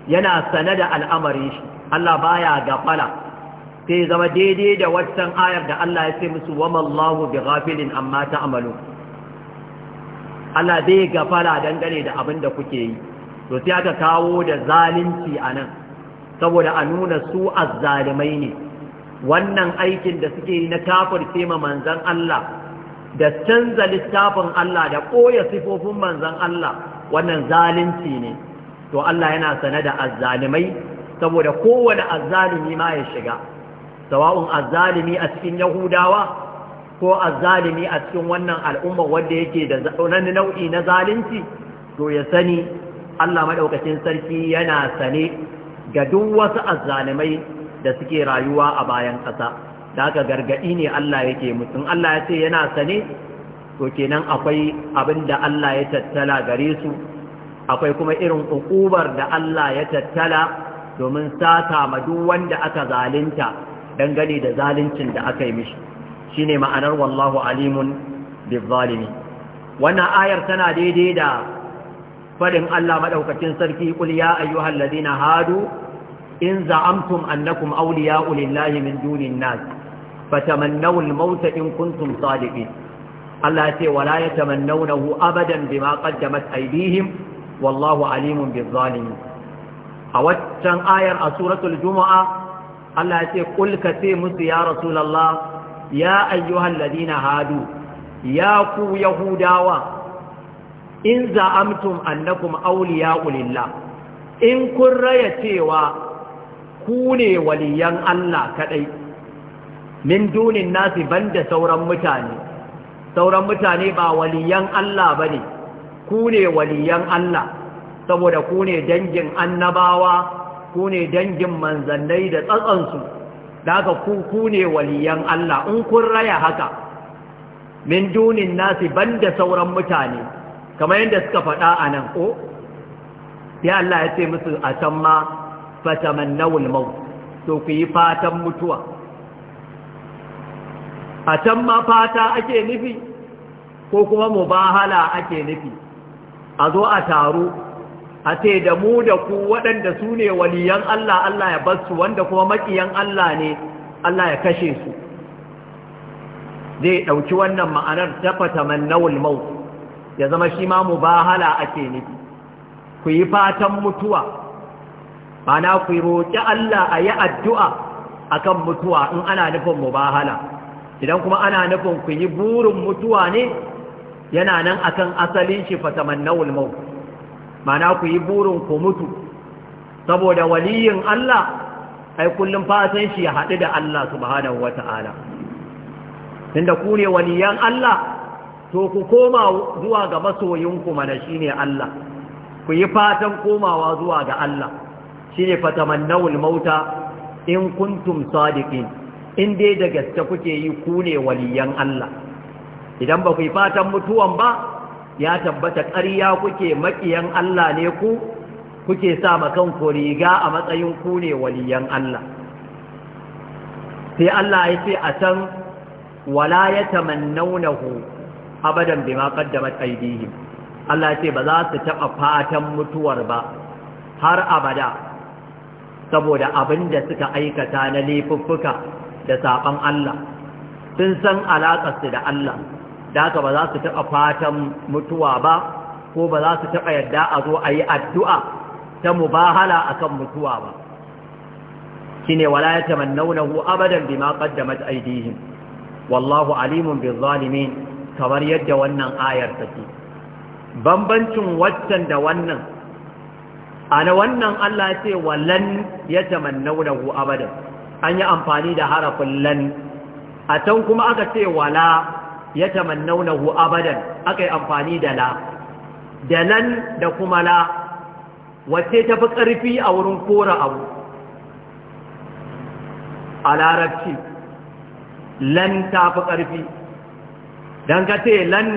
S1: yana sane da al'amarin shi Allah baya gafala sai zama daidai da watan ayar da Allah ya ce musu wa mallahu bi ghafilin amma ta'malu Allah bai gafala dangane da abin da kuke yi to sai aka kawo da zalunci nan saboda a nuna su azzalimai ne wannan aikin da suke yi na kafirce ma manzan Allah da canza littafin Allah da ɓoye sifofin manzan Allah wannan zalunci ne to Allah yana sane da azzalimai saboda kowane azzalimi ma ya shiga sawa'un azzalimi a cikin yahudawa ko azzalimi a cikin wannan al'umma wanda yake da wani nau'i na zalunci to ya sani Allah madaukakin sarki yana sane ga duk wasu azzalimai da suke rayuwa a bayan ƙasa da haka gargaɗi ne Allah yake mutum Allah ya ce yana sane to kenan akwai abin da Allah ya tattala gare su akwai kuma irin ukubar da Allah ya tattala domin sata ma duk wanda aka zalunta dangane da zaluncin da aka yi mishi shine ma'anar wallahu alimun bizzalimi wannan ayar tana daidai da fadin Allah madaukakin sarki qul ya ayyuhal ladina hadu in za'amtum annakum awliya'u lillahi min dunin nas fatamannaw al-mauta in kuntum sadiqin Allah ya ce wala yatamannawnahu abadan bima qaddamat aydihim wallahu alimun bizzalimin a waccan ayar a suratul juma'a Allah ya ce kul ka ce musu ya rasulullah ya ayyuhal ladina hadu ya ku yahudawa in za'amtum annakum awliya'u ulilla. in kun raya cewa ku ne waliyan Allah kadai min dunin nasi banda sauran mutane sauran mutane ba waliyan Allah ba ne ku ne waliyan Allah saboda ku ne dangin annabawa ku ne dangin manzannai da tsatsansu da haka ku ku ne waliyan Allah in kun raya haka min dunin nasi banda sauran mutane kamar yadda suka faɗa a nan ko ya Allah ya ce musu a can ma fatamannawul mawu to ku yi fatan mutuwa a can ma fata ake nufi ko kuma mubahala ake nufi a zo a taro a ce da mu da ku waɗanda su ne waliyan Allah Allah ya bar su wanda kuma maƙiyan Allah ne Allah ya kashe su zai ɗauki wannan ma'anar tafata mannawul mau ya zama shi ma mubahala ake nufi ku yi fatan mutuwa na ku roƙi Allah a yi addu'a kan mutuwa in ana nufin mubahala idan kuma ana nufin ku yi burin mutuwa ne yana nan akan asalin shi fatamannawul maut mana ku yi burin ku mutu saboda waliyin Allah ai kullum fatan shi ya haɗu da Allah subhanahu wata'ala tunda ku ne waliyan Allah to ku koma zuwa ga masoyinku mana shine Allah ku yi fatan komawa zuwa ga Allah shine fatamannawul mauta in kuntum sadiqin in dai da gaske kuke yi ku ne waliyan Allah idan ba ku yi fatan mutuwan ba ya tabbata ƙarya kuke maƙiyan Allah ne ku kuke sa makan ku riga a matsayin ku ne waliyan Allah sai Allah ya ce a san, wala ya tamannawnahu abadan bima qaddamat aydihim Allah ya ce ba za su taɓa fatan mutuwar ba har abada saboda abin da suka aikata na lifuffuka da saɓan Allah sun san alaƙarsu da Allah da ka ba za su taɓa fatan mutuwa ba ko ba za su taɓa yadda a zo a yi addu'a ta mubahala a kan mutuwa ba shi ne wala ya tamannaunahu abadan bima qaddamat aydihim wallahu alimun bin zalimin kamar yadda wannan ayar take bambancin waccan da wannan na wannan Allah ya ce wallan ya tamannaunahu abadan an yi amfani da harafin lan a can kuma aka ce wala ya tamannaunahu abadan aka yi amfani da la da lan da kuma la Wace ta fi ƙarfi a wurin kora abu a larabci lan ta fi ƙarfi don ka ce lan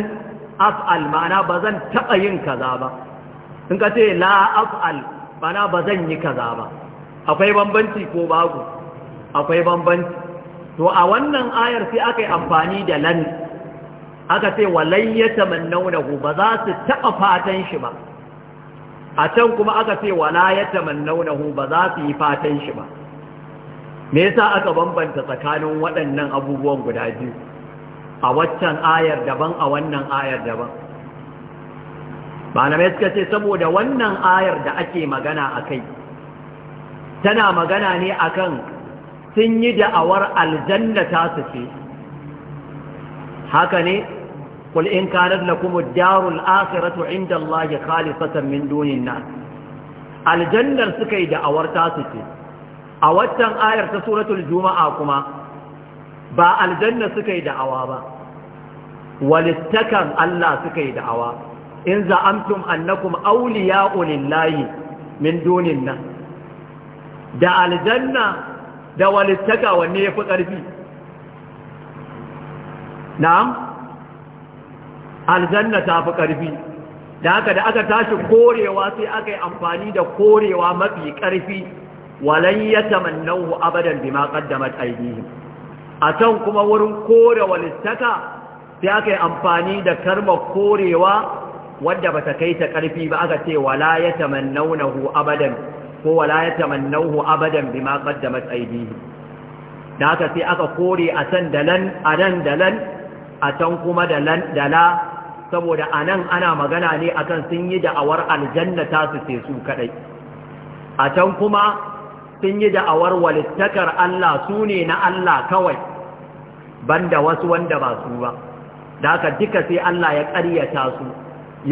S1: af'al ma'ana ba zan taɓa yin kaza ba in ka ce la af'al ma'ana ba zan yi kaza ba akwai bambanci ko babu akwai bambanci to a wannan ayar sai aka yi amfani da lan aka ce walai ya tamannaunahu ba za su taɓa fatan shi ba a can kuma aka ce wala ya tamannaunahu ba za su yi fatan shi ba me yasa aka bambanta tsakanin waɗannan abubuwan guda biyu a waccan ayar daban a wannan ayar daban malamai suka ce saboda wannan ayar da ake magana a kai tana magana ne akan sun yi da'awar aljanna ta su ce haka ne kul in kanat lakum kuma darul akhiratu inda Allah khalisatan min dunin nan, aljannar suka yi da'awar ta su ce a watan ayar ta suratul juma'a kuma ba aljanna suka yi da'awa ba walittakan Allah suka yi da'awa in za'amtum annakum awliya'u lillahi min dunin nan, da aljanna da walittaka wanne ya fi ƙarfi na'am aljanna ta fi ƙarfi da haka da aka tashi korewa sai aka yi amfani da korewa mafi ƙarfi walan ya tamannahu abadan bima qaddamat aydihim a can kuma wurin kore walittaka sai aka yi amfani da karma korewa wadda bata kai ta ƙarfi ba aka ce wala ya tamannahu abadan ko wala ya yatamannahu abadan bima qaddamat aydihi da haka sai aka kore a san dalan a nan dalan a can kuma dalan dala saboda a nan ana magana ne akan sun yi da'awar aljanna ta su ce su kadai a can kuma sun yi da'awar walittakar Allah su ne na Allah kawai banda wasu wanda ba su ba da haka duka sai Allah ya ƙaryata su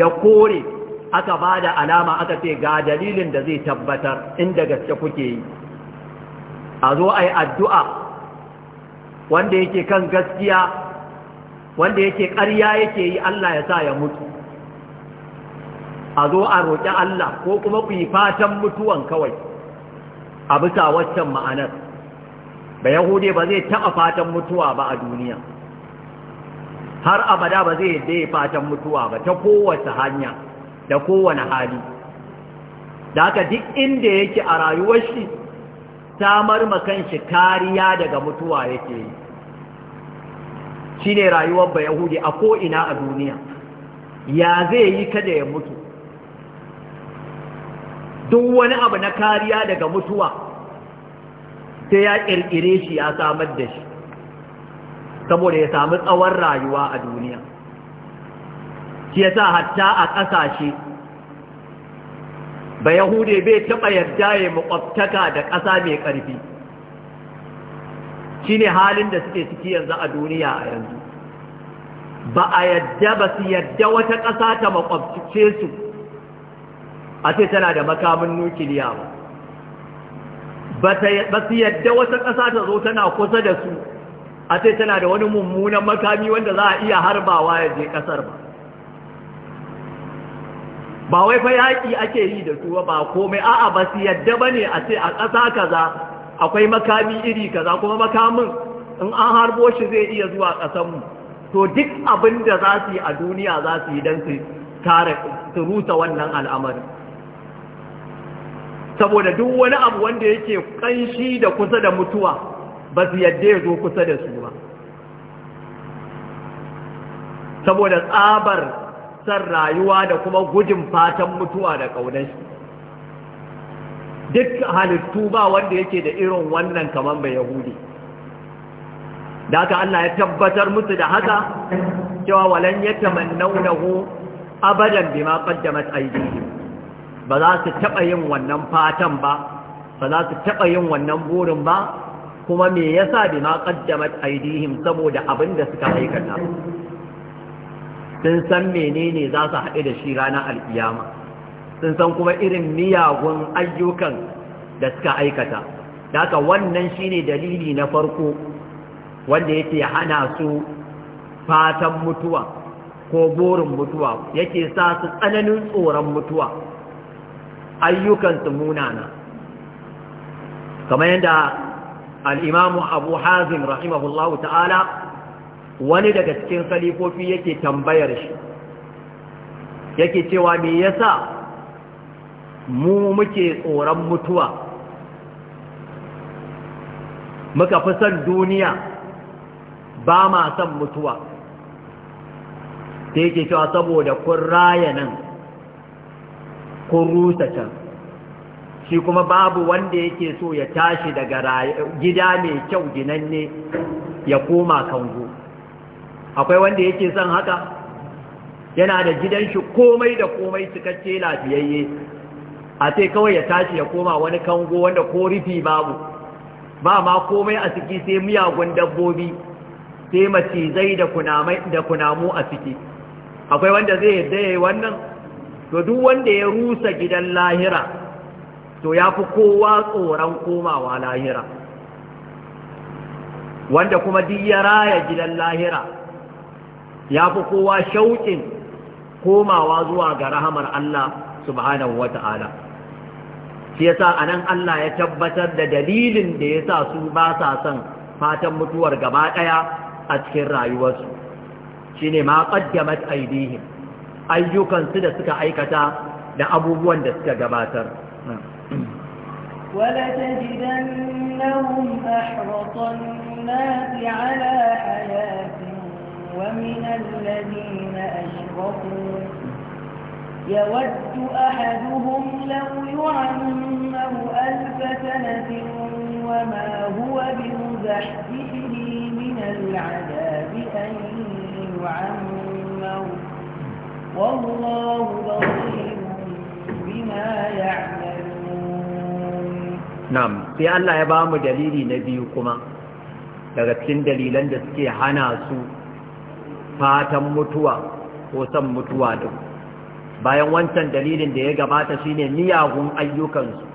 S1: ya kore aka ba da alama aka ce ga dalilin da zai tabbatar inda gaske kuke yi a zo a yi addu'a wanda yake kan gaskiya wanda yake ƙarya yake yi Allah ya sa ya mutu a zo a roƙi Allah ko kuma ku yi fatan mutuwan kawai a bisa waccan ma'anar ba yahude ba zai taɓa fatan mutuwa ba a duniya har abada ba zai fatan mutuwa ba ta kowace hanya da kowane hali da haka duk inda yake a rayuwar shi ta marma shi kariya daga mutuwa yake yi shi ne rayuwar ba yahudi a ko'ina a duniya ya zai yi kada ya mutu duk wani abu na kariya daga mutuwa sai ya ƙirƙire shi ya samar da shi saboda ya samu tsawon rayuwa a duniya shi yasa hatta a ƙasashe ba yahude bai taɓa yarda ya makwabtaka da ƙasa mai ƙarfi shi ne halin da suke ciki yanzu a duniya a yanzu ba a yadda ba su yadda wata ƙasa ta maƙwabtace su a ce tana da makamin nukiliya ba ba su yadda wata ƙasa ta zo tana kusa da su a ce tana da wani mummunan makami wanda za a iya harbawa ya je ƙasar ba ba wai fa yaƙi ake yi da su ba komai a'a ba su yadda ba ne a ce a ƙasa kaza akwai makami iri kaza kuma makamin in an harbo shi zai iya zuwa ƙasanmu to duk abin da za su yi a duniya za su yi don su tare su rusa wannan al'amari saboda duk wani abu wanda yake ƙanshi da kusa da mutuwa ba su yadda ya zo kusa da su ba saboda tsabar son rayuwa da kuma gudun fatan mutuwa da ƙaunar shi duk halittu ba wanda yake da irin wannan kamar bai yahudi da haka Allah ya tabbatar musu da haka cewa walan ya tamannaunahu abadan bima qaddamat aydihim ba za su taba yin wannan fatan ba ba za su taba yin wannan burin ba kuma me yasa bima qaddamat aydihim saboda abin da suka aikata sun san menene za su haɗu da shi ranar alkiyama sun san kuma irin miyagun ayyukan da suka aikata daga wannan shine dalili na farko wanda yake hana su fatan mutuwa ko burin mutuwa yake sa su tsananin tsoron mutuwa ayyukan su munana kamar yadda al'imamu abu hazin rahimahullahu ta'ala wani daga cikin khalifofi yake tambayar shi yake cewa me yasa mu muke tsoron mutuwa muka fi son duniya ba ma son mutuwa sai yake cewa saboda kun raya nan kun rusa can shi kuma babu wanda yake so ya tashi daga gida mai kyau ginanne ya koma kango akwai wanda yake son haka yana da gidan shi komai da komai cikakke lafiyayye a sai kawai ya tashi ya koma wani kango wanda ko rufi babu ba ma komai a ciki sai miyagun dabbobi sai macizai da kunamu a ciki akwai wanda zai yadda ya yi wannan to duk wanda ya rusa gidan lahira to ya fi kowa tsoron komawa lahira wanda kuma duk ya raya gidan lahira ya fi kowa shauƙin komawa zuwa ga rahamar Allah subhanahu wa ta'ala shi yasa nan Allah ya tabbatar da dalilin da ya sa su ba sa son fatan mutuwar gaba ɗaya a cikin rayuwarsu shine ma qaddamat aydihim ayyukansu da suka aikata da abubuwan da suka gabatar
S2: wala tajidannahum ahratan nasi ala hayati ومن الذين أشركوا يود أحدهم لو يعمر ألف سنة وما هو بمزحزحه من العذاب أن يعمر والله بصير بما يعملون
S1: نعم في الله يبام دليل نبيكما daga cikin dalilan da suke hana su fatan mutuwa ko san mutuwa duk bayan wancan dalilin da ya gabata shine miyagun ayyukansu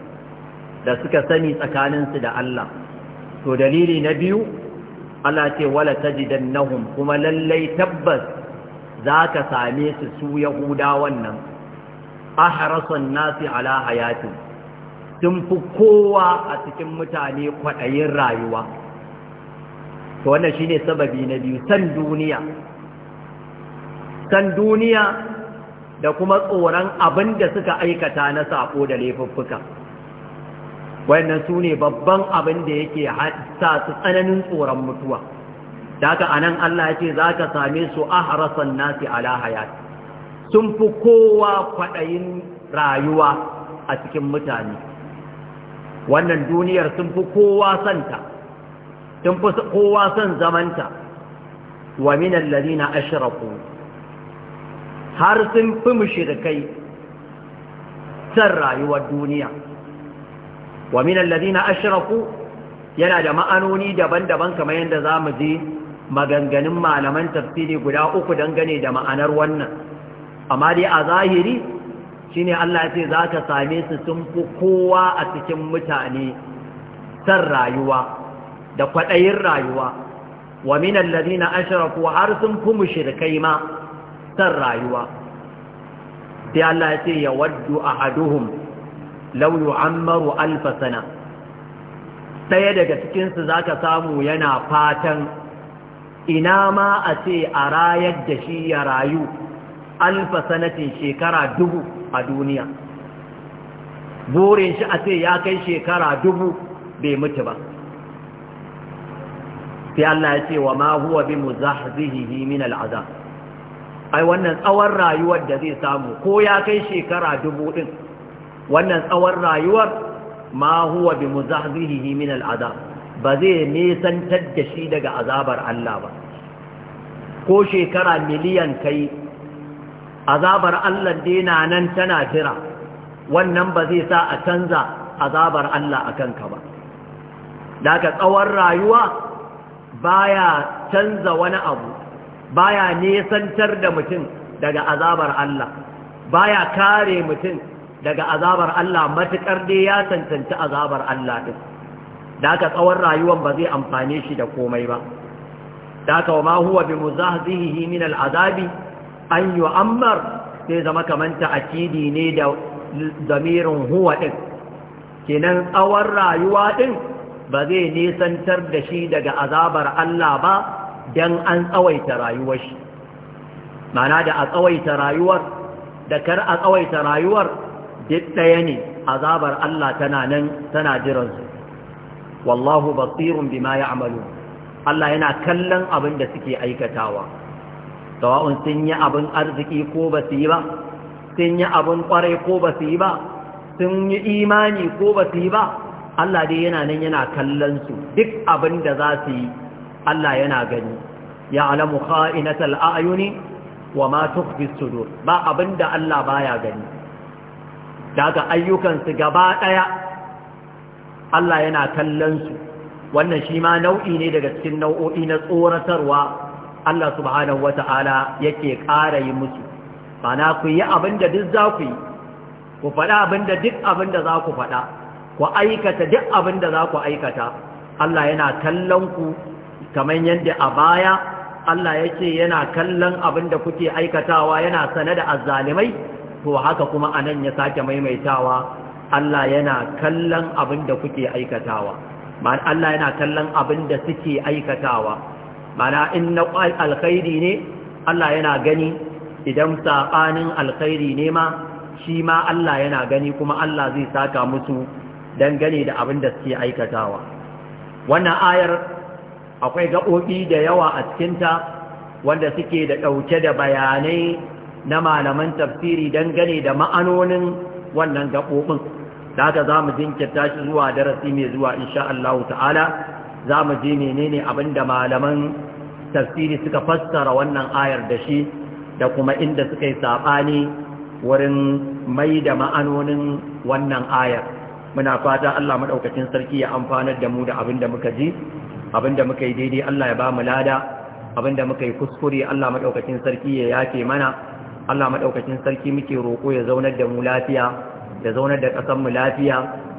S1: da suka sani tsakaninsu da Allah to dalili na biyu Allah ce wala nahum kuma lallai tabbas ka same su su huda wannan ahrasan nasi ala hayatin sun fi kowa a cikin mutane kwaɗayin rayuwa to wannan shine sababi na biyu san duniya san duniya da kuma tsoron abin da suka aikata na sako da laifuffuka wannan su ne babban abin da yake sa su tsananin tsoron mutuwa daga anan Allah ya ce za ka same su harasan nasi ala hayat sun fi kowa kwaɗayin rayuwa a cikin mutane wannan duniyar sun fi kowa santa sun fi kowa son zamanta wa minan lalina ashiraku har sun fi mushrikai san rayuwar duniya wa min alladhina ashraku yana da ma'anoni daban-daban kamar yadda zamu ji maganganun malaman tafsiri guda uku dangane da ma'anar wannan amma dai a zahiri shine Allah ya ce ta same su sun fi kowa a cikin mutane san rayuwa da kwaɗayin rayuwa wa min alladhina ashraku har sun fi mushirikai ma san rayuwa sai Allah ya ce ya waddu ahaduhum law yu'ammaru alf sana daga cikin su zaka samu yana fatan ina ma a ce a rayar da shi ya rayu alfa sanatin shekara dubu a duniya burin shi a ce ya kai shekara dubu bai mutu ba sai Allah ya ce wa ma huwa bi muzahzihi min al'azab ai wannan tsawon rayuwar da zai samu ko ya kai shekara dubu ɗin wannan tsawon rayuwar ma huwa bi muzahzihihi min al'azab ba zai nesantar da shi daga azabar Allah ba ko shekara miliyan kai azabar Allah dina nan tana jira wannan ba zai sa a canza azabar Allah a kanka ba da ka tsawon rayuwa baya canza wani abu baya nesantar da mutum daga azabar Allah baya kare mutum daga azabar Allah matukar dai ya tantance azabar Allah din da aka tsawon rayuwar ba zai amfane shi da komai ba da aka wa ma huwa bi muzahzihi min azabi. an yu'ammar sai zama kamanta akidi ne da zamirin huwa din kenan tsawon rayuwa din ba zai nesantar da shi daga azabar Allah ba don an tsawaita rayuwar shi mana da a tsawaita rayuwar da kar a tsawaita rayuwar duk ɗaya ne azabar Allah tana nan tana jiran su. wallahu basirun bima ya'malu Allah yana kallon abin da suke aikatawa sawa'un sun yi abin arziki ko ba su yi ba sun yi abin kwarai ko ba su yi ba sun yi imani ko ba su yi ba Allah dai yana nan yana kallon su duk abin da za su yi Allah yana gani ya alamu kha'inatal a'yuni wa ma tukhfi sudur ba abinda Allah baya gani daga ayyukan su gaba daya Allah yana kallon su wannan shi ma nau'i ne daga cikin nau'o'i na tsoratarwa Allah subhanahu wata'ala yake ƙara yi musu bana ku yi abinda duk za ku yi ku faɗa abinda duk abinda za ku faɗa ku aikata duk abinda za ku aikata Allah yana kallon ku kamar yadda a baya Allah ya ce yana kallon abin da kuke aikatawa yana sane da azzalimai to haka kuma a nan ya sake maimaitawa Allah yana kallon abin da kuke aikatawa ma'ana Allah yana kallon abin da suke aikatawa mana in na alkhairi ne Allah yana gani idan saɓanin alkhairi ne ma shi ma Allah yana gani kuma Allah zai saka musu dangane da abin da suke aikatawa wannan ayar akwai gaɓoɓi da yawa a cikinta wanda suke da ɗauke da bayanai na malaman tafsiri dangane da ma'anonin wannan gaɓoɓin da haka za mu jinkirta shi zuwa darasi mai zuwa insha Allah ta'ala za mu ji menene abinda malaman tafsiri suka fassara wannan ayar da shi da kuma inda suka yi saɓani wurin mai da ma'anonin wannan ayar muna fata Allah maɗaukacin sarki ya amfanar da mu da abin da muka ji abinda muka yi daidai Allah ya ba mu lada abinda muka yi kuskure Allah madaukakin sarki ya yafe mana Allah madaukakin sarki muke roko ya zaunar da mu lafiya ya zaunar da kasan mu lafiya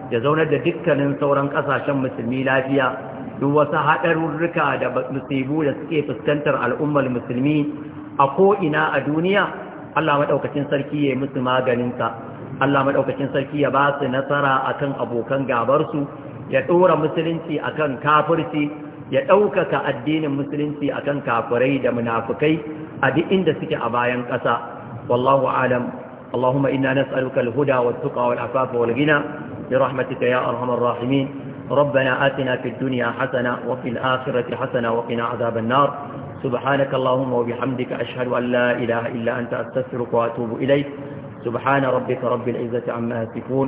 S1: ya zaunar da dukkanin sauran kasashen musulmi lafiya duk wasu hadarurruka da musibu da suke fuskantar al'ummar musulmi a ko ina a duniya Allah madaukakin sarki ya yi musu maganinsa Allah madaukakin sarki ya ba su nasara akan abokan gabar su ya ɗora musulunci akan kafirci ya ɗaukaka addinin musulunci akan kafirai da munafukai a duk inda suke a bayan ƙasa wallahu alam اللهم إنا نسألك الهدى والتقى والعفاف والغنى برحمتك يا أرحم الراحمين ربنا آتنا في الدنيا حسنة وفي الآخرة حسنة وقنا عذاب النار سبحانك اللهم وبحمدك أشهد أن لا إله إلا أنت أستغفرك وأتوب إليك سبحان ربك رب العزة عما يصفون